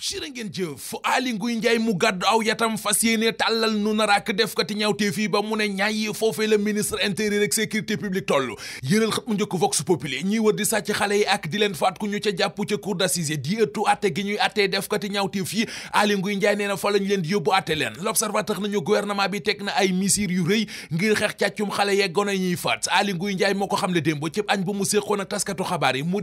jërë ngeen jëf Aly Ngouille Ndiaye mu gàddu aw yatam fas yéene tàllal nu naraak def kati ñaawteef yi ba mu ne ñaay foofee la ministre intérieur ak sécurité publique toll yëral xët mu njëkk vox populi ñiy wër di sàcc xale yi ak di leen faat ku ñu ca jàpp ca cour d'assises di ëttu atte gi ñuy attee def kati ñaawteef yi Aly Ngouille Ndiaye nee na fa lañ leen di yóbbu atte leen l'observateur nañu gouvernement bi teg na ay misir yu rëy ngir xeex càccum xale yeeg gone ñuy moo xam le démb cëb añ bu mu séqoon ak taskatu xabaar yi mu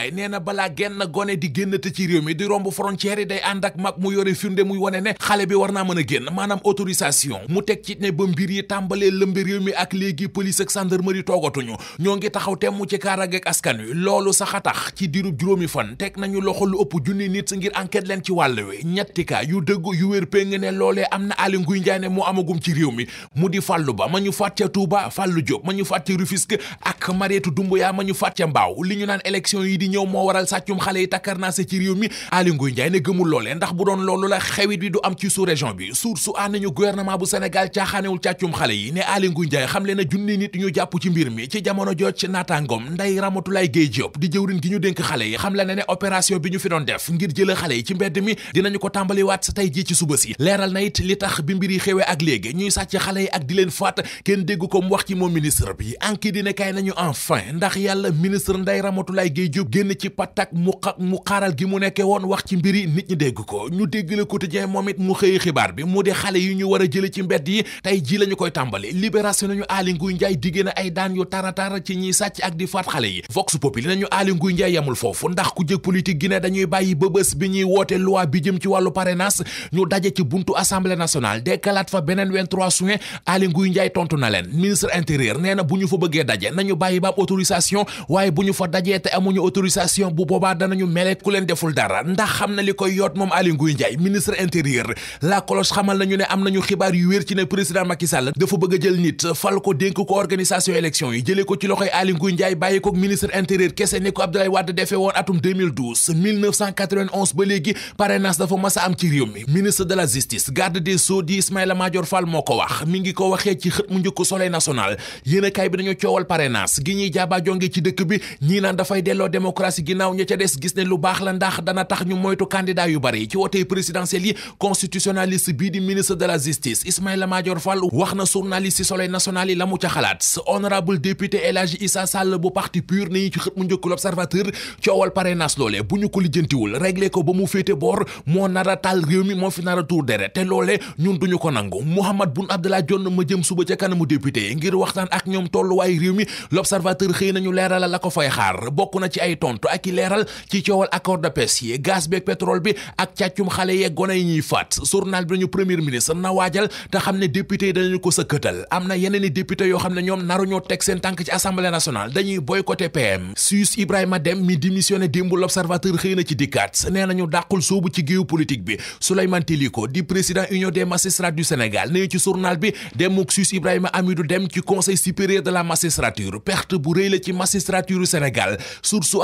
Ndiaye nee na balaa genn gone di génnate ci réew mi di romb frontière yi day ànd ak mag mu yore firnde muy wone ne xale bi war naa mën a génn maanaam autorisation mu teg ci ne ba mbir yi tàmbalee lëmbi réew mi ak léegi police ak gendarmerie toogatuñu ñoo ngi taxaw temm ci kaarage ak askan wi loolu sax a tax ci diirub juróomi fan teg nañu loxo lu ëpp junni nit ngir enquête leen ci wàll wi ñetti cas yu dëgg yu wér péng ne loole am na Aly Ngouille Ndiaye ne moo amagum ci réew mi mu di fàllu ba ma ñu faat ca Touba fàllu Diop ma ñu ak ma ñu di ñëw moo waral sàccum xale yi takkar naa sa ci réew mi Aly Ngouille Ndiaye ne gëmul loolee ndax bu doon loolu la xewit bi du am ci suur région bi source a nañu gouvernement bu Sénégal caaxaanewul càccum xale yi ne Aly Ngouille Ndiaye xam le na junni nit ñu jàpp ci mbir mi ci jamono jooc naataangoom Ndeye Ramatoulaye Guèye Diop di jëwrin gi ñu dénk xale yi xam la ne ne opération bi ñu fi doon def ngir jëla xale yi ci mbedd mi dinañu ko tàmbaliwaat sa tey jii ci suba si leeral na li tax bi mbir yi xewee ak léegi ñuy sàcc xale yi ak di leen faat kenn dégg ko mu wax ci moom ministre bi anki dina kay ndax yàlla ministre Ndeye Ramatoulaye Guèye Diop génn ci patak mu xaaral gi mu nekke woon wax ci mbiri nit ñi dégg ko ñu dégg le quotidien moom it mu xëyi xibaar bi mu di xale yu ñu war a jële ci mbedd yi tey ji la ñu koy tàmbali libération nañu Aly Ngouille Ndiaye diggée na ay daan yu taratara ci ñiy sàcc ak di faat xale yi vox populi nañu Aly Ngouille Ndiaye yamul foofu ndax ku jëg politique gi ne dañuy bàyyi bëbës bi ñuy woote loi bi jëm ci wàllu parrainage ñu daje ci buntu assemblée nationale dekkalaat fa beneen 23 juin Aly Ngouille Ndiaye tontu na leen ministre intérieur nee na bu ñu fa bëggee daje nañu ba autorisation waaye bu autorisation bu boobaa danañu mele ku leen deful dara ndax xam na li koy yoot moom Aly Ngouille Ndiaye ministre intérieur la cloche xamal nañu ne am nañu xibaar yu wér ci ne président Macky dafa bëgg jël nit fal ko dénk ko organisation élection yi jëlee ko ci loxoy Aly Ngouille Ndiaye bàyyi ko ministre intérieur kese ni ko Abdoulaye Wade defee woon atum ba léegi parrainage dafa mas am ci réew mi ministre de la justice garde des sceaux di Ismaïla Madior Fall moo ko démocratie ginnaaw ña ca des gis ne lu baax la ndax dana tax ñu moytu candidat yu bari ci wotey présidentiel yi bii di ministre de la justice Ismaïla Madior Fall wax na journaliste soleil national yi la mu ca xalaat honorable député El Hadji Issa bu parti pur nii ci xët mu njëkk l'observateur coowal parrainage loole bu ñu ko lijjantiwul réglé ko ba mu féete boor moo nar a taal réew mi moo fi nar a tuur deret te loole ñun tontu ak i leeral ci coowal accord de pêche yi gaz bi ak càccum xale yeeg gone yi ñuy faat journal bi nañu premier ministre na waajal te xam ne député yi dañu ko sëkkatal am na yeneen i député yoo xam ne ñoom ñoo teg seen tànk ci assemblée nationale dañuy boycotté PM Suisse Ibrahima Dem mi démissionné démb l'observateur xëy na ci dikkaat nee nañu dàqul soobu ci géew politique bi Souleymane Téliko di président union des magistrats du Sénégal nee ci journal bi demuk Suisse Ibrahima Amidou Dem ci conseil supérieur de la magistrature perte bu rëy la ci magistrature Sénégal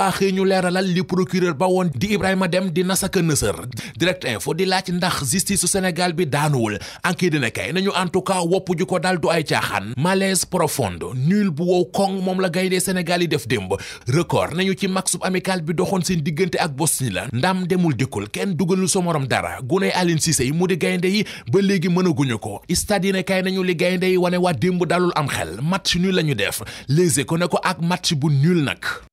tuuba xëy ñu leeralal li procureur ba woon di Ibrahima Dem di nasaka nësër direct info di laaj ndax justice su Sénégal bi daanuwul enquête dina kay nañu en tout cas wopp ju ko dal du ay caaxaan malaise profonde nul bu wow kong moom la gaynde Sénégal yi def démb record ñu ci max sub amical bi doxoon seen diggante ak Bosnie la ndam demul dikkul kenn dugalul sa morom dara guney Aline Cissé yi mu di gaynde yi ba léegi mënaguñu ko stade yi ne kay nañu li gaynde yi wane waa démb dalul am xel match nul la ñu def léegi ko ne ko ak match bu nul nag